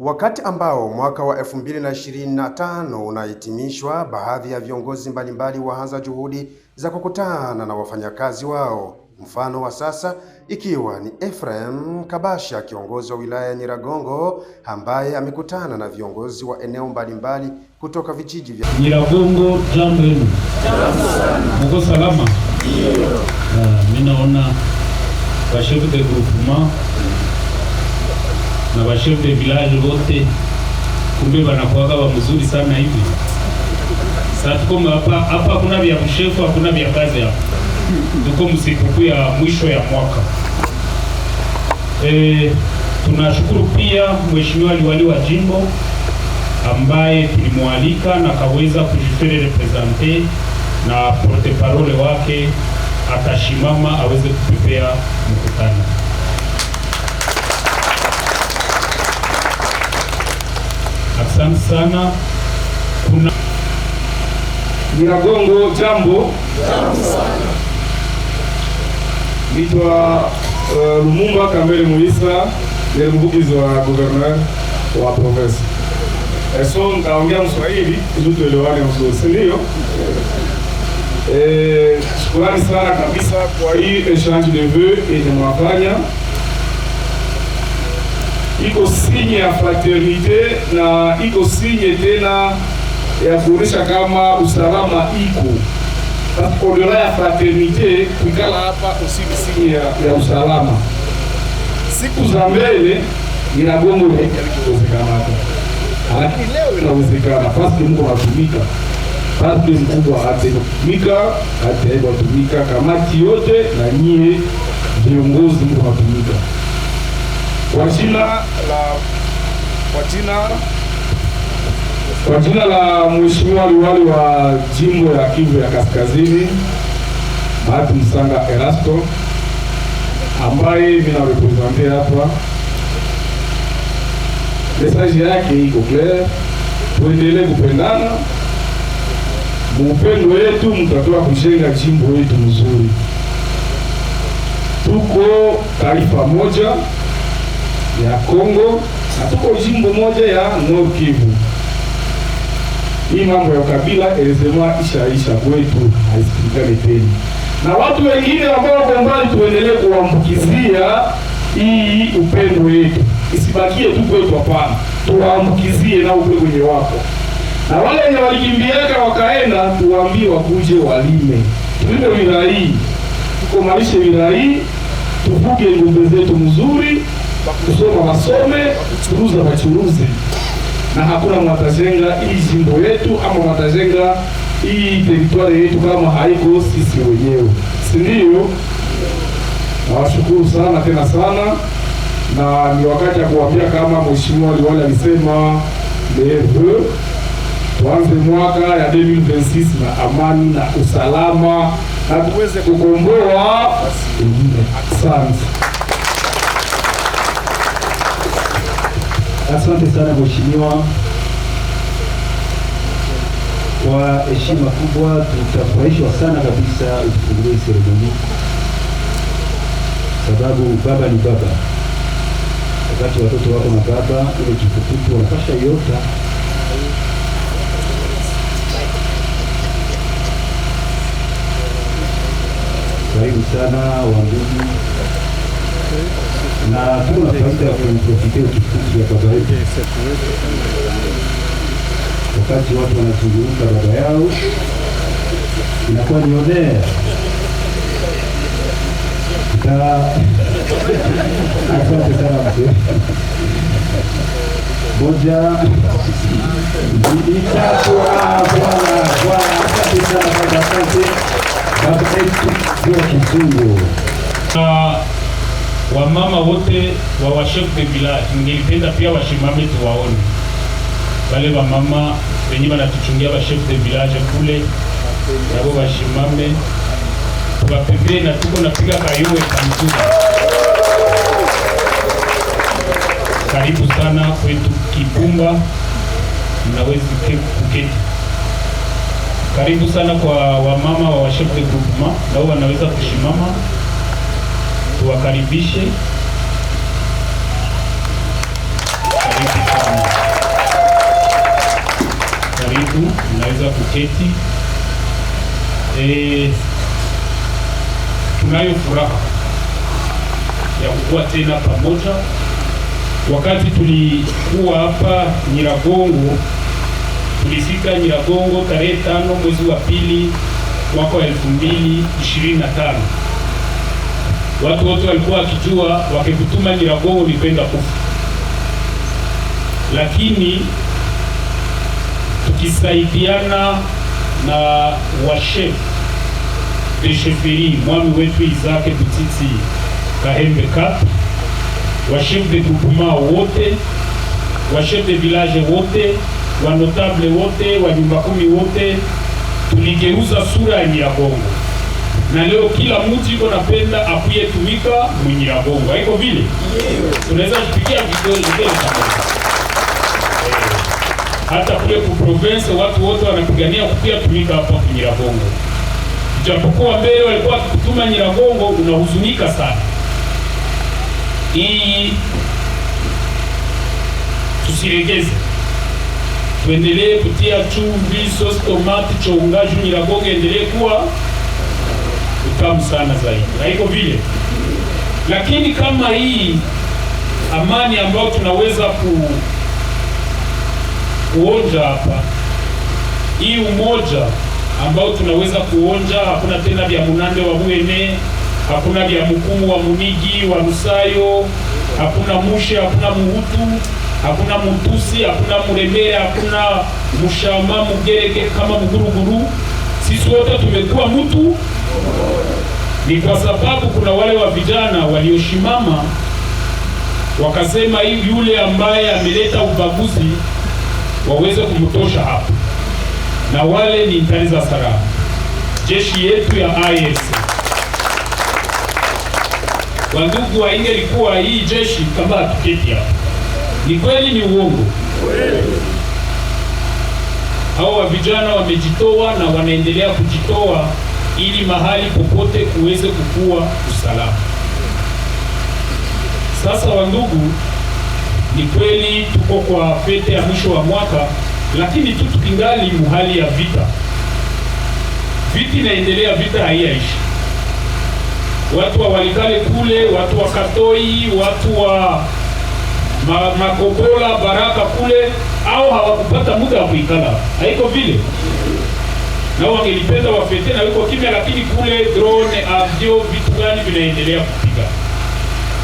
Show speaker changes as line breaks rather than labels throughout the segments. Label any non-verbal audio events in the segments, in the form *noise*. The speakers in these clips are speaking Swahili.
Wakati ambao mwaka wa 2025 unahitimishwa, baadhi ya viongozi mbalimbali waanza juhudi za kukutana na wafanyakazi wao. Mfano wa sasa ikiwa ni Ephraim Kabasha, kiongozi wa wilaya ya Nyiragongo, ambaye amekutana na viongozi wa eneo mbalimbali kutoka vijiji vya
Nyiragongo. Jambo hilo, mko salama?
Ndio. Ah,
mimi naona washiriki wa groupement na basheve village bote, kumbe wanakuwaga wa mzuri sana hivi. Sasa tuko hapa hapa, hakuna vya mshefu, hakuna vya kazi hapa, tuko msikukuu ya mwisho ya mwaka e, tunashukuru pia mheshimiwa liwali wa jimbo ambaye tulimwalika na kaweza kujifere represente na porte parole wake, atashimama aweze kupepea mkutano. Asante sana. Kuna
Nyiragongo, jambo.
Jambo sana.
uh, Lumumba Kambele Mulisa, ndiye mvugizi wa governor wa province. Eh, so nitaongea Mswahili ili tuelewane vizuri, si ndio? Eh, shukrani sana kabisa kwa hii échange de vœux yenye mwafanya iko sinye ya fraternite na iko sinye tena ya kuonesha kama usalama iko kodela ya fraternite kuikala hapa kusiki sinye ya, ya usalama. Siku za mbele inagongo ikiwezekanaka, lakini leo inawezekana paske mko natumika parte mkubwa ataitumika ataitumika kamati yote na nyie viongozi mko natumika kwa jina la Mheshimiwa Liwali wa jimbo ya Kivu ya Kaskazini Bahati Msanga Erasto ambaye mimi narepresente hapa, mesaji yake iko clear, tuendelee kupendana mupendo wetu mtatoa kujenga jimbo yetu mzuri. Tuko taifa moja ya Kongo na tuko jimbo moja ya Nord Kivu. Hii mambo ya kabila elezema ishaisha kwetu, haisikilizane tena na watu wengine ambao wako mbali, tuendelee kuambukizia hii upendo wetu, isibakie tu kwetu, hapana, tuwaambukizie na upe kwenye wako na wale wenye walikimbiaka wakaenda, tuwaambie wakuje walime, tulime wilaya hii, tukomalishe wilaya hii, tufuge ng'ombe zetu mzuri kusoma wasome, wakuchuruza wachuruze, na hakuna mwatazenga hii jimbo yetu ama mwatazenga hii teritwari yetu kama haiko sisi wenyewe, si ndio? Nawashukuru sana tena sana, na ni wakati ya kuwambia kama mheshimiwa liwali alisema leo tuanze mwaka ya 2026 na amani na usalama na tuweze kukomboa
Asante. Asante sana mheshimiwa, kwa heshima kubwa, tutafurahishwa sana kabisa utufungulie seremoni, sababu baba ni baba. Wakati watoto wako na baba, ile jukukutu wanapasha yota karibu sana wandugu La prima parte abbiamo approfittato di tutti i cavalli. Wakati watu wanazungumza baba yao inakuwa ni odea asante sana mzee moja mbili tatu. Bwana Bwana, asante sana baba, asante baba yetu kwa kizungu wamama wote wa washefu de village, pia washimame tuwaone wale wamama wenye wanatuchungia washefu de village kule, nabo washimame tuwapepee, na tuko napiga kayowe kamtuza. Karibu sana kwetu kipumba mnawezi kuketi karibu sana kwa wamama wa washefu de groupement, nao wanaweza kushimama tuwakaribishe. Karibu unaweza kuketi. E, tunayo furaha ya kukuwa tena pamoja. Wakati tulikuwa hapa Nyiragongo, tulifika Nyiragongo tarehe tano mwezi wa pili mwaka wa elfu mbili ishirini na tano watu wote walikuwa wakijua wakikutuma Nyiragongo ulipenda kufa, lakini tukisaidiana na washef de sheferi mwami wetu Isaac Butiti Kahembe Kap, washef de groupement wote, washef de village wote, wanotable wote, wanyumba kumi wote, tuligeuza sura ya Nyiragongo na leo kila mtu yuko napenda akuye tumika Mwinyiragongo, haiko vile? Tunaweza kupigia vigezo vile eh, hata kule ku province watu wote wanapigania kupia tumika hapa Nyiragongo. Japokuwa mbele walikuwa wakikutuma Nyiragongo, unahuzunika sana. Hii tusiregeze, tuendelee kutia chumvi, sos, tomati, chongaji. Nyiragongo endelee kuwa utamu sana zaidi, na iko vile. Lakini kama hii amani ambayo tunaweza ku kuonja hapa, hii umoja ambao tunaweza kuonja, hakuna tena vya munande wa muene, hakuna vya mkuu wa munigi wa musayo, hakuna mushe, hakuna muhutu hakuna mutusi hakuna muremere hakuna mushama mugereke kama muguruguru. Sisi wote tumekuwa mtu ni kwa sababu kuna wale wa vijana walioshimama wakasema, hivi yule ambaye ameleta ubaguzi waweze kumtosha hapo, na wale ni mtani za saraha, jeshi yetu ya IS. Wandugu wa inge likuwa hii jeshi kama hatuketi hapo, ni kweli ni uongo? Hao wa vijana wamejitoa na wanaendelea kujitoa ili mahali popote kuweze kukua usalama. Sasa wandugu, ni kweli tuko kwa fete ya mwisho wa mwaka, lakini tu tukingali muhali ya vita. Vita inaendelea, vita haiyaishi. Watu wa Walikale kule, watu wa Katoi, watu wa ma Makobola, Baraka kule, au hawakupata muda wa kuikala, haiko vile nao wangelipenda wafete na wiko kimya, lakini kule drone avyo ah, vitu gani vinaendelea kupiga.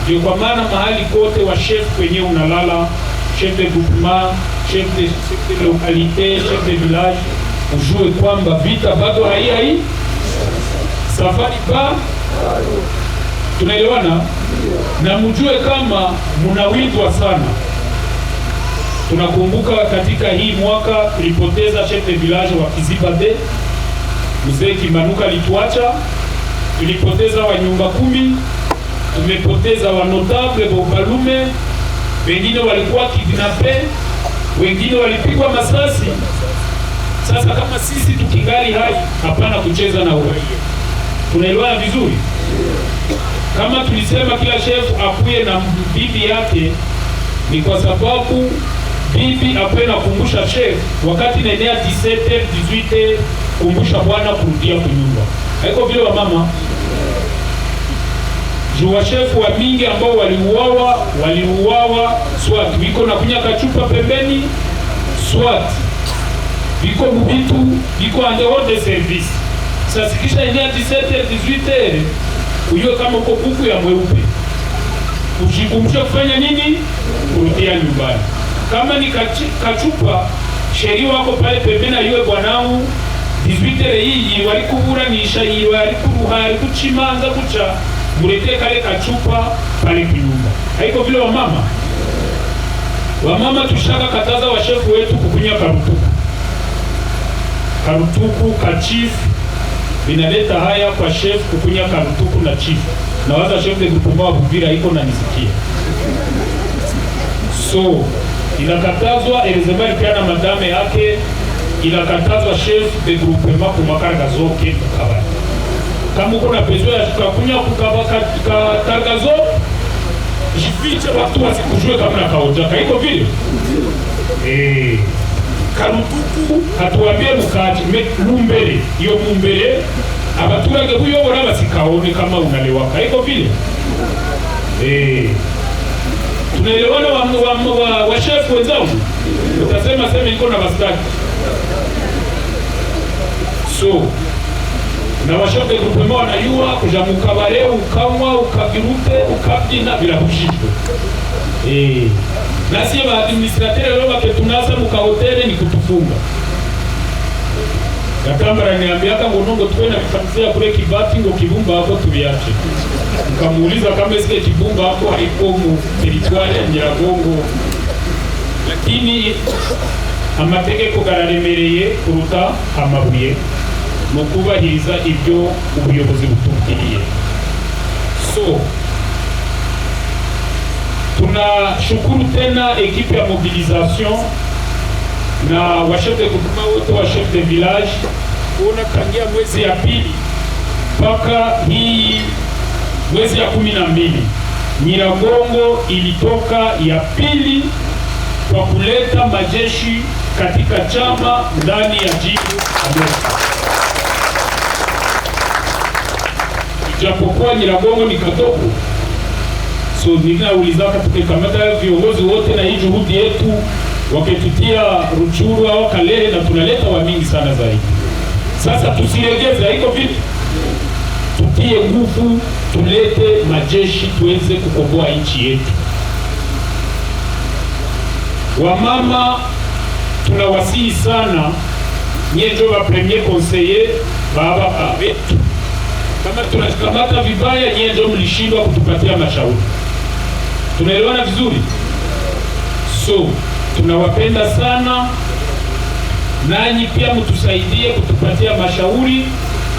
Ndio kwa maana mahali kote wa chef wenyewe unalala, chef de groupement, chef de localité, chef de village, ujue kwamba vita bado haihai safari pa tunaelewana, na mjue kama mnawindwa sana. Tunakumbuka katika hii mwaka tulipoteza chef de village wa Kiziba de Mzee Kimanuka alituacha, tulipoteza wanyumba kumi, tumepoteza wanotable bobalume, wengine walikuwa kidnape, wengine walipigwa masasi. Sasa kama sisi tukingali hai, hapana kucheza na uhai. Tunaelewana vizuri? Kama tulisema kila shefu akuye na bibi yake, ni kwa sababu bibi akuye nakumbusha shefu wakati naenea 17 18 kumbusha Bwana kurudia kunyumba haiko vile wa mama juu washefu wa mingi ambao waliuawa waliuawa swat viko na kunya kachupa pembeni swat viko mubitu viko ande andeode service sasikisha ina 17 18 uyue kama uko kuku ya mweupe ujikumbushe kufanya nini kurudia nyumbani kama ni kachupa sheria wako pale pembeni ayue bwanangu ijwi imbere y'iyi bari kuburanisha iyi bari kuruha ari guca imanza guca mureke kale kachupa pale kunyumba. Haiko vile wamama, wamama tushaka kataza washefu wetu kukunya karutuku, karutuku kachifu inaleta haya kwa shefu kukunya karutuku na chief na waza shefu de grupuma wa Buvira iko na nisikia, so inakatazwa. Elizabeth pia na madame yake inakataza chef de groupement kumakaraga zoke kukabari kama uko na besoin ya kukakunya kukatargazo jifiche watu wasikujue kama na kaonjaka iko vile eh karutuku hatuambie mukati lumbere iyo mumbere abaturage buyobora basikaone kama unalewaka iko vile eh tunaelewana wa, wa, wa, wa, wa chef wenzangu utasema sema iko na bastaki so nabashoboye gupima wanayuwa kuja mu kabare ukanywa ukabirupe ukabyina birabujijwe eh. nasiye ba administrateur rero baketunaza mu kahoteli ni kutufunga Gatambara ni ambiaka ngonongo tuwe na vifanizia kule kibati ngo kibumba hako tuviache. Mkamuuliza kama isike kibumba hako haiko mu teritwari ya Nyiragongo. Lakini amategeko gararemereye kuruta amabuye mu kubahiriza ibyo ubuyobozi butubwiriye so tunashukuru tena ekipe ya mobilization na washef de groupement wote wa chef de village kuona tangia mwezi ya pili mpaka hii mwezi ya kumi na mbili Nyiragongo ilitoka ya pili kwa kuleta majeshi katika chama ndani ya jimbo la japokuwa Nyiragongo ni katovu. So ninaulizaka tukikamata viongozi wote na hii juhudi yetu wakitutia Ruchuru au Kalehe na tunaleta wa mingi sana zaidi. Sasa tusiregeze haiko vipi, tutie nguvu, tulete majeshi tuweze kukomboa nchi yetu. Wamama tunawasihi sana, nyejo ba premier conseiller baba abetu kama tunakamata vibaya, nyie ndio mlishindwa kutupatia mashauri. Tunaelewana vizuri, so tunawapenda sana, nanyi pia mtusaidie kutupatia mashauri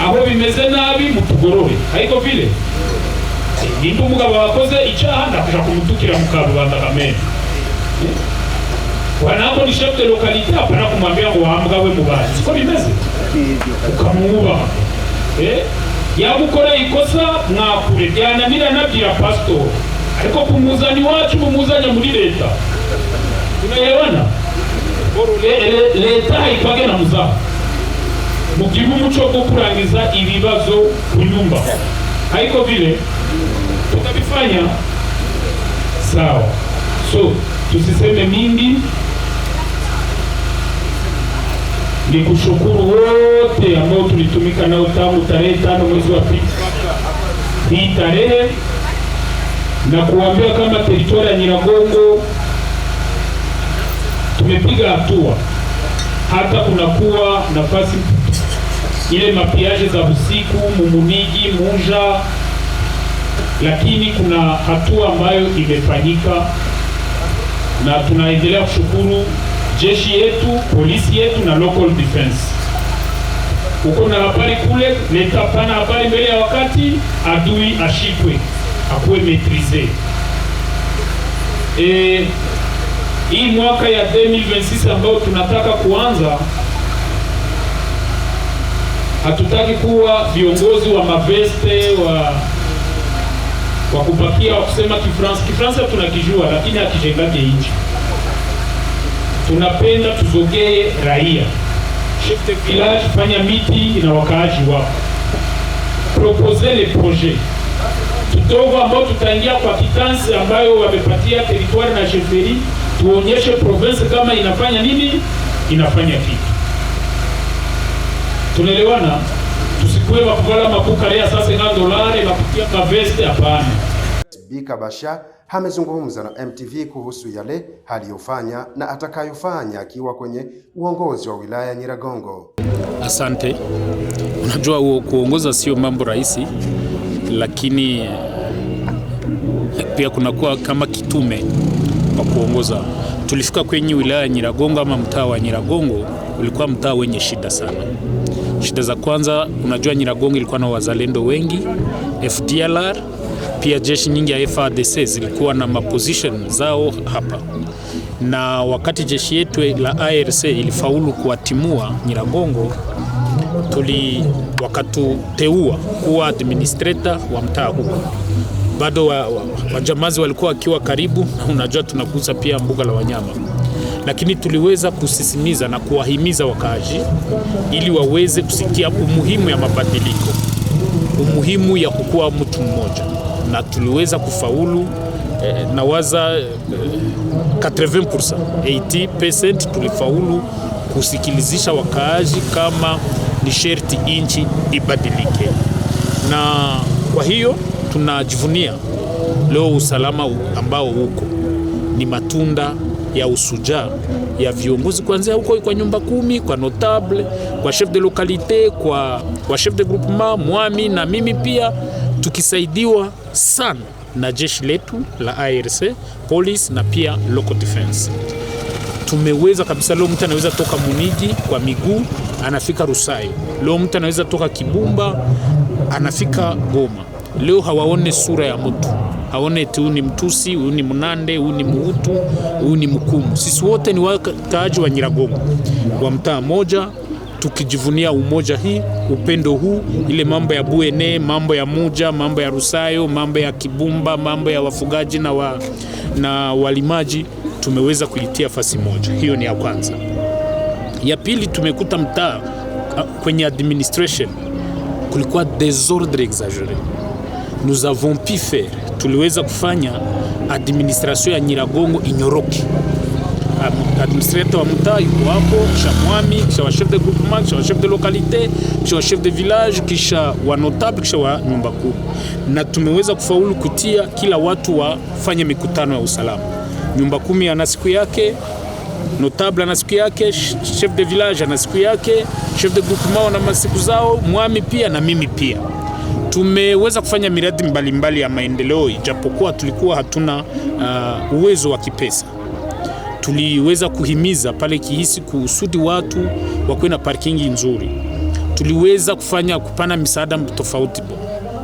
aho bimeze nabi mutugorore haiko vile nimba umugabo wakoze icyaha ndakuja kumutukira mukarubanda kamene wanako ni chef de localité apana kumwambia ngo wambwa we mubanzi ko bimeze ukamwubaha eh ya ukoreye ikosa mwakure byananira anabwira pastor ariko kumuzani wacu mumuzanye muri leta tunarebana leta hayipage na muzaha mugirwe umuco wo kurangiza ibibazo ku nyumba ariko vile tukabifanya sawa so tusiseme mingi ni kushukuru wote ambao tulitumika nao tangu tarehe tano mwezi wa pili hii tarehe, na kuambia kama teritoria ya Nyiragongo tumepiga hatua, hata kunakuwa nafasi ile mapiaje za usiku mumuniji muja, lakini kuna hatua ambayo imefanyika na tunaendelea kushukuru jeshi yetu, polisi yetu na local defense. Uko na habari kule, leta pana habari mbele ya wakati, adui ashikwe, akuwe maitrise. E, hii mwaka ya 2026 ambayo tunataka kuanza, hatutaki kuwa viongozi wa maveste wa wa kupakia wa kusema Kifransa. Kifransa tunakijua, lakini hakijengage nchi tunapenda tuzogee raia. de village, fanya miti na wakaaji wako, propose le projet kidogo ambao tutaingia kwa kitansi ambayo wamepatia teritwari na sheferi, tuonyeshe province kama inafanya nini, inafanya kitu. Tunaelewana, tusikuwe makuka makukarea sasa na dolare makutia kaveste, hapana.
Bika Basha amezungumza na MTV kuhusu yale aliyofanya na atakayofanya akiwa kwenye uongozi wa wilaya ya Nyiragongo.
Asante. Unajua, kuongoza sio mambo rahisi, lakini pia kunakuwa kama kitume kwa kuongoza. Tulifika kwenye wilaya ya Nyiragongo ama mtaa wa Nyiragongo ulikuwa mtaa wenye shida sana. Shida za kwanza, unajua Nyiragongo ilikuwa na wazalendo wengi FDLR pia jeshi nyingi ya frdc zilikuwa na maposition zao hapa, na wakati jeshi yetu la ARC ilifaulu kuwatimua Nyiragongo, tuli wakatuteua kuwa administrator wa mtaa huu. Bado wajamazi wa, wa walikuwa wakiwa karibu, na unajua tunakuza pia mbuga la wanyama, lakini tuliweza kusisimiza na kuwahimiza wakaaji ili waweze kusikia umuhimu ya mabadiliko, umuhimu ya kukuwa mtu mmoja na tuliweza kufaulu eh, nawaza eh, 80% 80% tulifaulu kusikilizisha wakaaji kama ni sherti inchi ibadilike, na kwa hiyo tunajivunia leo usalama ambao huko ni matunda ya usujaa ya viongozi kuanzia huko kwa nyumba kumi, kwa notable, kwa chef de localité, kwa, kwa chef de groupement mwami na mimi pia tukisaidiwa sana na jeshi letu la IRC police na pia local defense. Tumeweza kabisa, leo mtu anaweza toka Muniji kwa miguu anafika rusai leo mtu anaweza toka Kibumba anafika Goma. Leo hawaone sura ya mtu, haone eti huyu ni Mtusi, huyu ni Mnande, huyu ni Muutu, huyu ni Mkumu. Sisi wote ni wakaaji wa Nyiragongo wa mtaa moja tukijivunia umoja hii, upendo huu, ile mambo ya Buene, mambo ya Muja, mambo ya Rusayo, mambo ya Kibumba, mambo ya wafugaji na, wa, na walimaji tumeweza kuitia fasi moja. Hiyo ni ya kwanza. Ya pili, tumekuta mtaa ah, kwenye administration kulikuwa desordre exagere. Nous avons pu faire, tuliweza kufanya administration ya Nyiragongo inyoroke administrateur wa mtaa yuko hapo, kisha mwami, kisha wa chef de groupement, kisha wa chef de localité, kisha wa chef de village, kisha wa notable, kisha wa nyumba kubwa. Na tumeweza kufaulu kutia kila watu wafanye mikutano ya usalama. Nyumba kumi ana siku yake, notable ana siku yake, chef de village ana siku yake, chef de groupement ana masiku zao, mwami pia na mimi pia. Tumeweza kufanya miradi mbalimbali mbali ya maendeleo, ijapokuwa tulikuwa hatuna uh, uwezo wa kipesa tuliweza kuhimiza pale Kihisi kusudi watu wakuwe na parkingi nzuri. Tuliweza kufanya kupana misaada tofauti.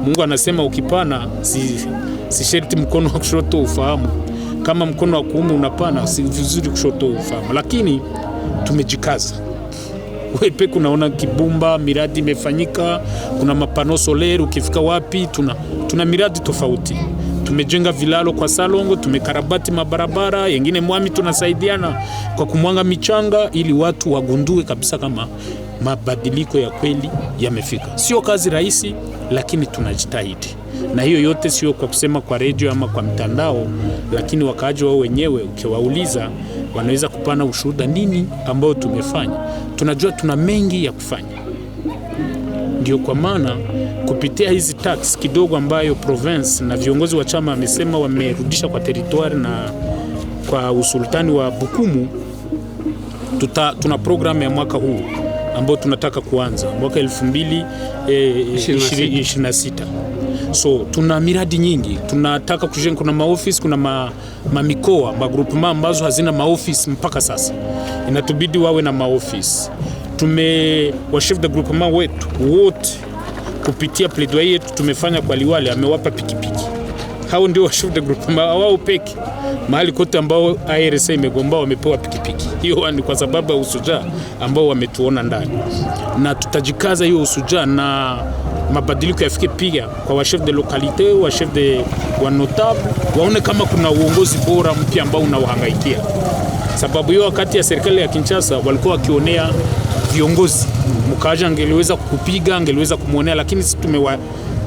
Mungu anasema ukipana si, si sherti mkono wa kushoto ufahamu kama mkono wa kuume unapana, si vizuri kushoto ufahamu, lakini tumejikaza wepe. Kunaona Kibumba miradi imefanyika, kuna mapano soleri, ukifika wapi tuna, tuna miradi tofauti tumejenga vilalo kwa Salongo, tumekarabati mabarabara yengine, Mwami tunasaidiana kwa kumwanga michanga ili watu wagundue kabisa kama mabadiliko ya kweli yamefika. Sio kazi rahisi, lakini tunajitahidi, na hiyo yote sio kwa kusema kwa redio ama kwa mtandao, lakini wakaaji wao wenyewe ukiwauliza, wanaweza kupana ushuhuda nini ambao tumefanya. Tunajua tuna mengi ya kufanya. Ndio kwa maana kupitia hizi tax kidogo ambayo province na viongozi wa chama wamesema wamerudisha kwa teritwari na kwa usultani wa Bukumu, tuta, tuna programu ya mwaka huu ambayo tunataka kuanza mwaka 2026. Eh, so tuna miradi nyingi tunataka kujenga. Kuna maofisi, kuna ma, ma mikoa ma ambazo hazina maofisi mpaka sasa, inatubidi wawe na maofisi tumewashef de groupement wetu wote kupitia plaidoyer yetu tumefanya kwa liwali, amewapa pikipiki. Hao ndio washef de groupement wao peke mahali kote ambao ARC imegomba wamepewa pikipiki. Hiyo ni kwa sababu ya usujaa ambao wametuona ndani, na tutajikaza hiyo usujaa na mabadiliko yafike pia kwa washef de lokalite, washef de wanotable, waone kama kuna uongozi bora mpya ambao unawahangaikia sababu hiyo wakati ya serikali ya Kinshasa walikuwa wakionea viongozi mkaja, angeliweza kupiga, angeliweza kumwonea, lakini sisi tumewa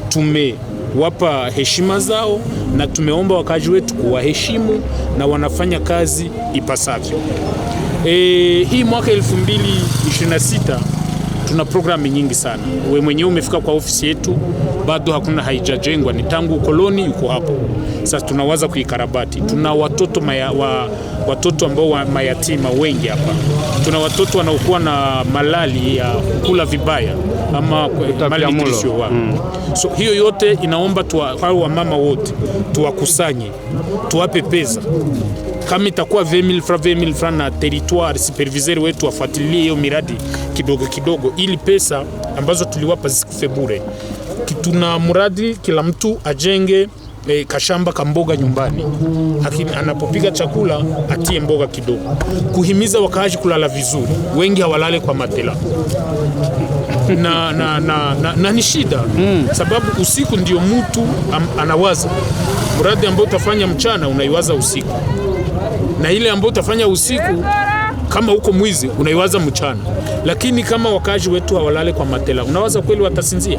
tumewapa heshima zao na tumeomba wakaaji wetu kuwaheshimu na wanafanya kazi ipasavyo. E, hii mwaka 2026 tuna programu nyingi sana. Wewe mwenyewe umefika kwa ofisi yetu, bado hakuna haijajengwa, ni tangu ukoloni yuko hapo. Sasa tunawaza kuikarabati. Tuna watoto maya, wa, watoto ambao wa mayatima wengi hapa, tuna watoto wanaokuwa na malali ya kula vibaya ama malnutrition wa. Mm. So hiyo yote inaomba tuwa, hao wamama wote tuwakusanye, tuwape pesa kama itakuwa 20000 francs 20000 francs, na territoire superviseur wetu afuatilie hiyo miradi kidogo kidogo, ili pesa ambazo tuliwapa zisikufe bure. Tuna mradi kila mtu ajenge e, kashamba ka mboga nyumbani, anapopika chakula atie mboga kidogo. Kuhimiza wakaaji kulala vizuri, wengi hawalale kwa matela na, na, na, na, na ni shida mm. Sababu usiku ndio mtu anawaza mradi ambao utafanya mchana unaiwaza usiku, na ile ambayo utafanya usiku kama uko mwizi unaiwaza mchana. Lakini kama wakaaji wetu hawalale kwa matela, unawaza kweli watasinzia?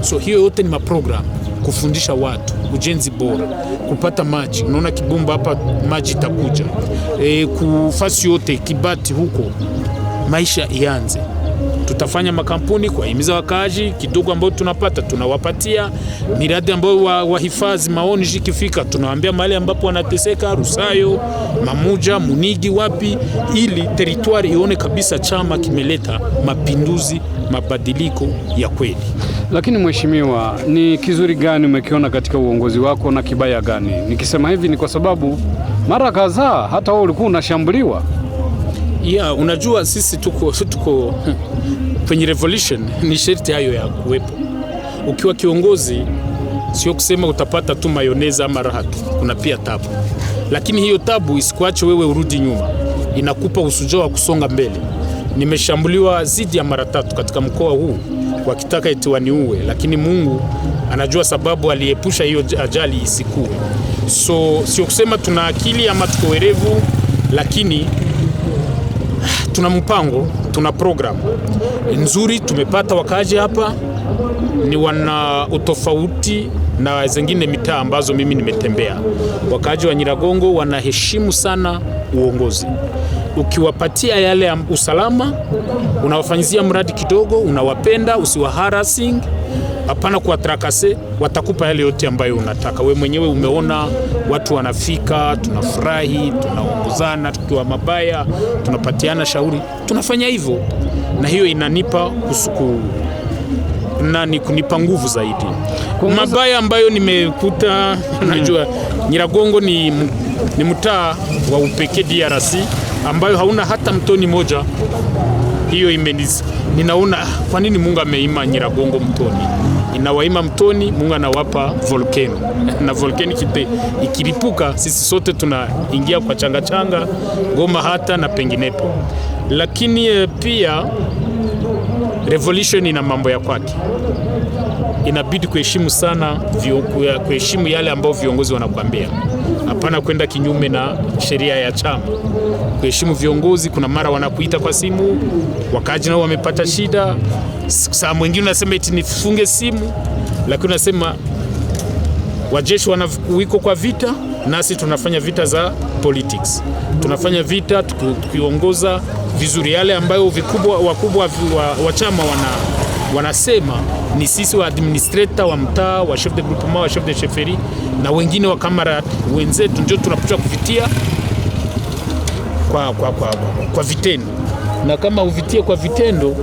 So hiyo yote ni maprogramu kufundisha watu ujenzi bora, kupata maji. Unaona Kibumba hapa maji itakuja e, kufasi yote Kibati huko maisha ianze. Tutafanya makampuni kuwahimiza wakaaji, kidogo ambayo tunapata tunawapatia miradi ambayo wahifadhi wa maoni jikifika tunawaambia mahali ambapo wanateseka, Rusayo, Mamuja, Munigi, wapi, ili teritwari ione kabisa chama kimeleta mapinduzi mabadiliko ya kweli. Lakini mheshimiwa, ni kizuri gani umekiona katika uongozi wako na kibaya gani? Nikisema hivi ni kwa sababu mara kadhaa hata wewe ulikuwa unashambuliwa. Ya, unajua sisi tuko, tuko *laughs* kwenye revolution, ni sharti hayo ya kuwepo. Ukiwa kiongozi sio kusema utapata tu mayoneza ama raha tu, kuna pia tabu, lakini hiyo tabu isikuache wewe urudi nyuma, inakupa usujao wa kusonga mbele. Nimeshambuliwa zaidi ya mara tatu katika mkoa huu wakitaka eti waniue, lakini Mungu anajua sababu, aliepusha hiyo ajali isiku So sio kusema tuna akili ama tuko werevu, lakini tuna mpango, tuna program nzuri. Tumepata wakaji hapa ni wana utofauti na zingine mitaa ambazo mimi nimetembea. Wakaji wa Nyiragongo wanaheshimu sana uongozi ukiwapatia yale ya usalama, unawafanyizia mradi kidogo, unawapenda, harassing, hapana kuwatrakase, watakupa yale yote ambayo unataka we mwenyewe. Umeona watu wanafika, tunafurahi, tunaongozana, tukiwa mabaya tunapatiana shauri, tunafanya hivyo, na hiyo inanipa kusuku ni kunipa nguvu zaidi. Mabaya ambayo nimekuta, unajua hmm. Nyiragongo ni, ni mtaa wa upekee DRC ambayo hauna hata mtoni moja. Hiyo imeniza ninaona kwa nini Mungu ameima Nyiragongo mtoni, inawaima mtoni, Mungu anawapa volcano *laughs* na volcano kite ikiripuka, sisi sote tunaingia kwa changa changa Goma hata na penginepo. Lakini eh, pia revolution ina mambo ya kwake inabidi kuheshimu sana, kuheshimu yale ambayo viongozi wanakuambia, hapana kwenda kinyume na sheria ya chama. Kuheshimu viongozi, kuna mara wanakuita kwa simu, wakaji nao wamepata shida. Saa mwingine unasema eti nifunge simu, lakini unasema wajeshi wanawiko kwa vita, nasi tunafanya vita za politics, tunafanya vita tukiongoza vizuri yale ambayo vikubwa wakubwa wa, wa chama wana, wanasema ni sisi wa administrator wa mtaa wa chef de groupement wa chef de chefferie na wengine wa kamera wenzetu, ndio tunapata kuvitia kwa, kwa, kwa, kwa vitendo, na kama uvitie kwa vitendo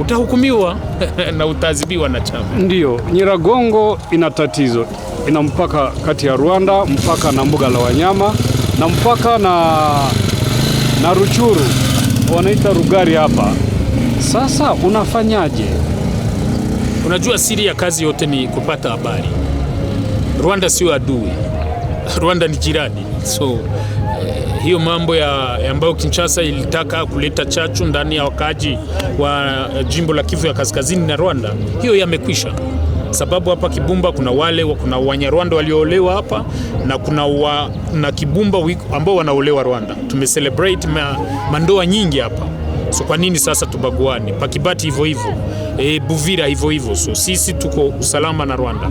utahukumiwa *laughs* na utaadhibiwa na chama. Ndio Nyiragongo ina tatizo, ina mpaka kati ya Rwanda, mpaka na mbuga la wanyama na mpaka na, na Ruchuru wanaita Rugari hapa. Sasa unafanyaje? Unajua siri ya kazi yote ni kupata habari. Rwanda sio adui, *laughs* Rwanda ni jirani. So eh, hiyo mambo ya ambayo Kinshasa ilitaka kuleta chachu ndani ya wakaaji wa eh, jimbo la Kivu ya kaskazini na Rwanda, hiyo yamekwisha sababu hapa Kibumba kuna wale kuna Wanyarwanda walioolewa hapa na kuna wa, na Kibumba ambao wanaolewa Rwanda. Tumecelebrate ma, mandoa nyingi hapa. So kwa nini sasa tubaguane? Pakibati hivyo hivyo, e, Buvira hivyo hivyo. So sisi tuko usalama na Rwanda,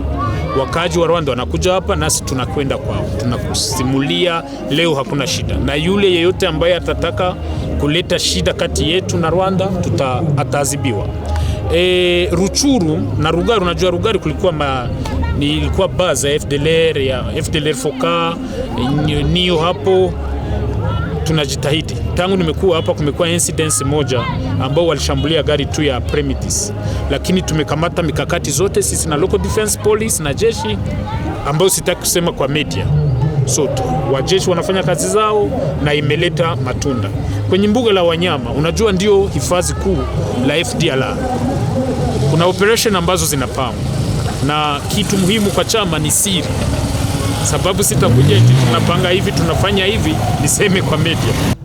wakaaji wa Rwanda wanakuja hapa nasi tunakwenda kwao, tunakusimulia leo hakuna shida, na yule yeyote ambaye atataka kuleta shida kati yetu na Rwanda tuta ataadhibiwa. E, Ruchuru na Rugari, unajua Rugari kulikuwa ma, ilikuwa baza FDLR ya FDLR Foka niyo hapo tunajitahidi. Tangu nimekuwa hapa, kumekuwa incidence moja ambao walishambulia gari tu ya premises, lakini tumekamata mikakati zote sisi na local defense police na jeshi, ambao sitaki kusema kwa media sote. Wajeshi wanafanya kazi zao na imeleta matunda kwenye mbuga la wanyama. Unajua, ndio hifadhi kuu la FDLR. Kuna operation ambazo zinapangwa na kitu muhimu kwa chama ni siri sababu sitakuja tunapanga hivi tunafanya hivi niseme kwa media.